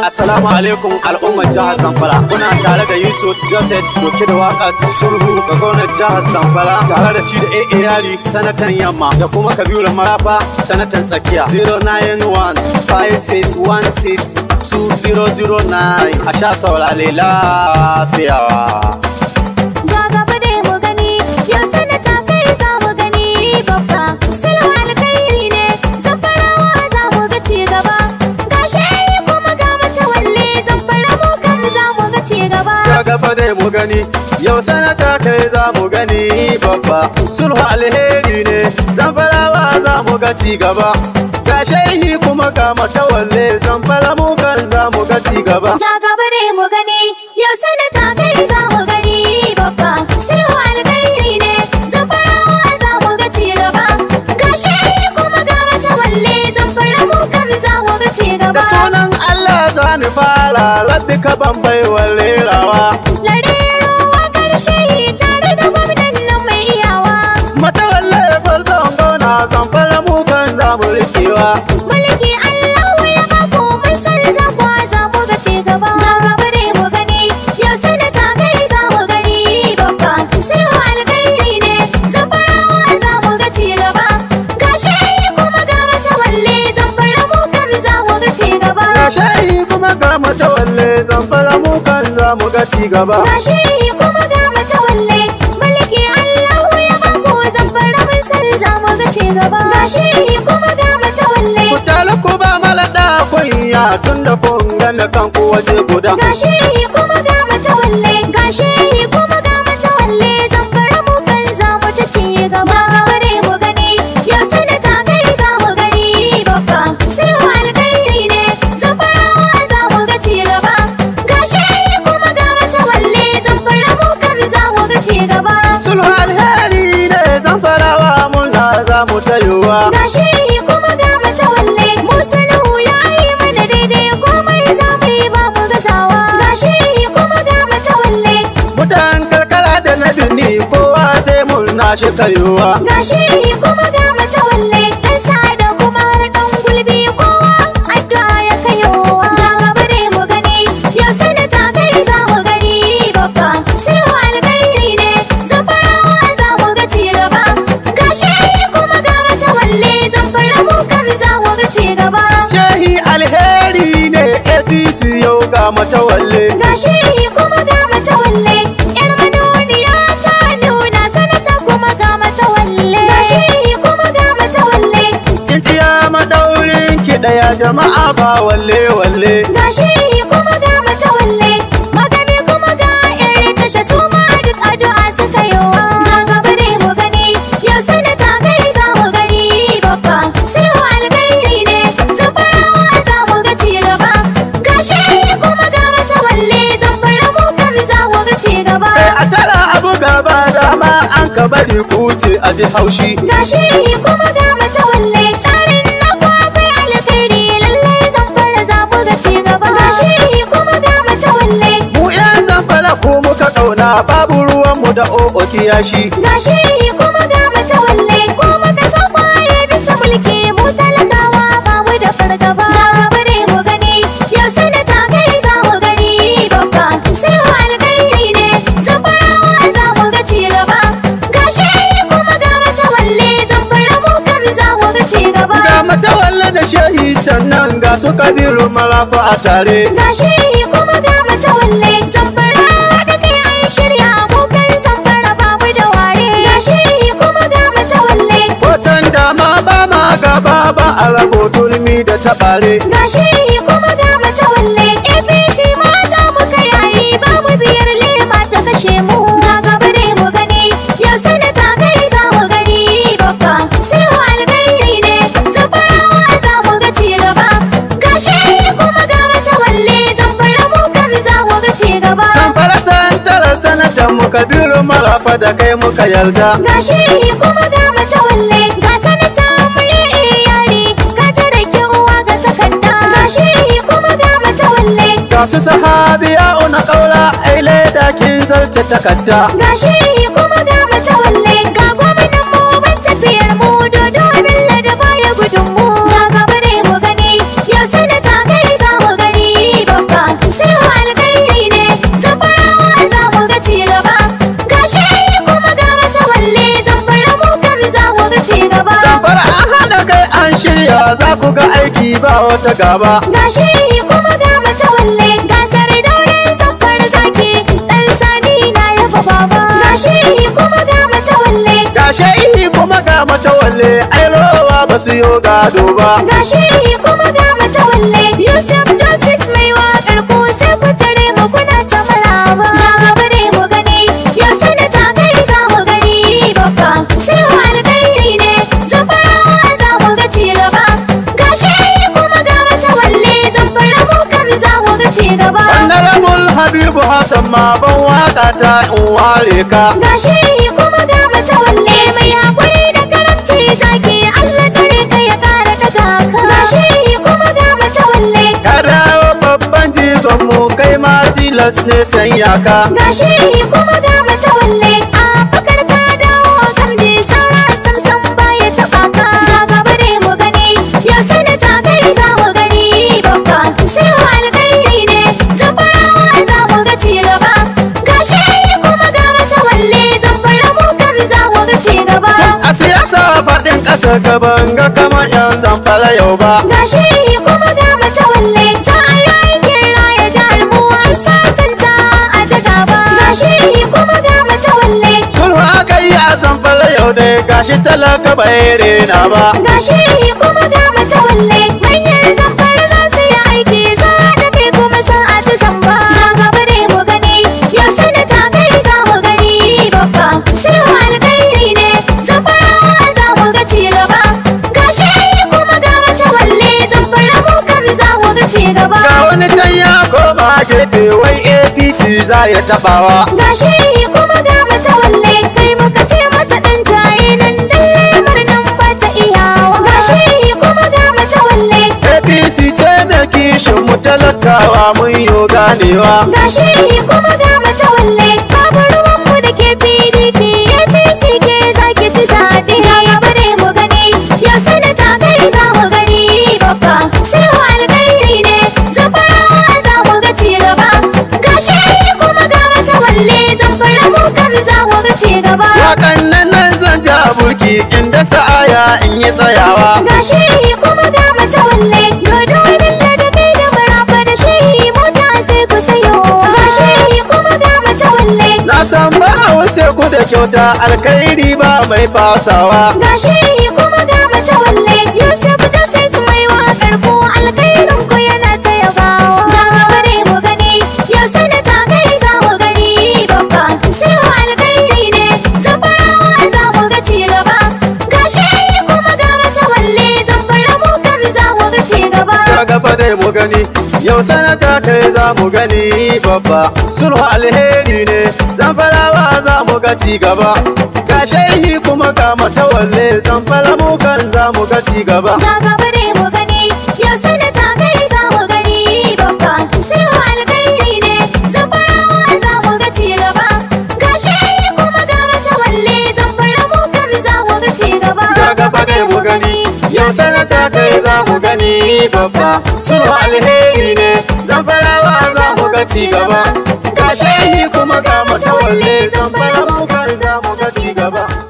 Assalamu alaikum al'ummar jihar Zamfara. Kuna tare da Yusuf Joseph doke da waka sulhu ga gwamnatin jihar Zamfara tare da shi da AA Yari sanatan yamma da kuma Kabiru Marafa sanatan tsakiya 091 5616 2009 a sha saurare lafiya. ci gaba ta gaba dai mu gani yau sanata kai za mu gani babba sulhu alheri ne zamfarawa za mu ga ci gaba ga yi kuma ka ga matawalle zamfara mu kan za mu ga ci gaba ta gaba dai mu gani za ni fara rabbi ka ban baiwa rerawa. Na rero a ƙarshe tare da gwamnan nan mai iyawa. Matawallar farkon gona zan fara mu kan zamu rikewa. Mulki Allah ya ku mun san za ku za mu ga ci gaba. Za gaba dai mu gani yau sai ta kai za mu gani babba. Sai wa alkhairi ne zan fara za mu ga ci gaba. Gashi kuma ga walle zan fara mu kan za mu ga ci gaba. Gashi ga zan fara mu kan za mu ga ci gaba gashi kuma ga walle mulki Allahu ya banko fara mun san za mu ga ci gaba gashi kuma ga walle ku tala ba malada ya tunda kun ga kan ku waje guda gashi kuma ga matawalle gashi ta cika yiwuwa. Ga shehi kuma ga matawalle ɗan sada da kuma har ɗan gulbi kowa addu'a ya kai kowa. Ta gaba ne mu gani yau sana ta kai za mu gani babba wa alkhairi ne zamfarawa za mu ga ci gaba. Ga shehi kuma ga matawalle zamfara mu kan za mu ga ci Shehi alheri ne APC yau ga matawalle. Ga shehi ɗaya jama'a ba walle walle Gashi kuma ga mata walle magani kuma ga yare tasha su ma duk addu'a suka yi wa na gaba ne mu gani ya sani ta kai za mu gani babba sai wa alkhairi ne zafarawa za mu ga ci gaba Gashi kuma ga mata walle zafara mu kan za mu ga ci gaba kai a tara abu gaba dama an ka bari kuce a ji haushi Gashi kuma ga gaba ga shehi kuma ga walle. mu yan zamfara ko muka kauna babu ruwan mu da o'o kiyashi ga kuma ga matawalle ko muka san kwaye bisa mulki mu talakawa ba mu da fargaba walla da shehi sannan ga su kabiru malafa a tare ga shehi kuma ga matawalle zamfara da kai yi shirya abokan zamfara babu da ware ga shehi kuma ga matawalle hoton dama ba ma gaba ba a turmi da tabare ga shehi Allah fa da kai muka yarda Gashi kuma ga matawalle ga sanata mu yi iyali, ga da uwa ga takarda Gashi kuma ga matawalle ga su sahabiya una kaula aile da kin zarce takarda Gashi kuma ga matawalle ga aiki ba wata gaba Gashi kuma ga matawalle ga sare daurin safar zaki dan sani na yaba baba Gashi kuma ga mata walle gashi kuma ga walle ai rowa ba su yo gado ba Gashi kuma ga walle yusuf justice mai wakar ku sai ku amma ban waka ta in ware ka gashi kuma ga mata walle mai hakuri da karamci zaki Allah tsare ka ya kare ka ka gashi kuma ga mata walle kada babban jigon mu kai ma tilas ne sanya ka gashi kuma ga mata walle a siyasa faɗin ƙasar gaban ga kamar yan zamfara yau ba ga shi kuma ga mata walle ta ayo aikin raya jihar mu sasanta a ta gaba ga shi kuma ga mata sulhu aka yi a zamfara yau dai ga shi talaka bai rena ba ga shi kuma ga mata ci gaba ga wani can ya koma gefe wai apc za ya tabawa ga shehi kuma ga mata walle sai muka ce masa dan taye nan dalle murnan ba ta iyawa ga shehi kuma ga mata walle apc ce mai kishin mu talakawa mun yoganewa ganewa ga shehi kuma ga mata walle rasa aya in yi tsayawa ga shehi kuma ga matawalle dodo billa da kai da marafa da shehi mota sai ku sayo ga shehi kuma ga matawalle na san ba a wuce ku da kyauta alkhairi ba mai fasawa ga shehi kuma ga matawalle yusuf ta su mai wa ku alkhairin ku yana tsayawa sanata kai za mu gani babba sulhu alheri ne zan zamfarawa za mu ga ci gaba ga shehi kuma ga matawalle zamfara mu kan za mu ga ci gaba ga gaba ne mu gani yau sanata kai za mu gani babba sulhu alheri ne zan zamfarawa za mu ga ci gaba ga shehi kuma ga matawalle zamfara mu kan za mu ga ci gaba ga gaba ne mu gani yau sanata kai za mu gani gari babba su alheri ne wa za mu ga ci gaba ga shehi kuma ga matawalle zamfara mu za mu ga ci gaba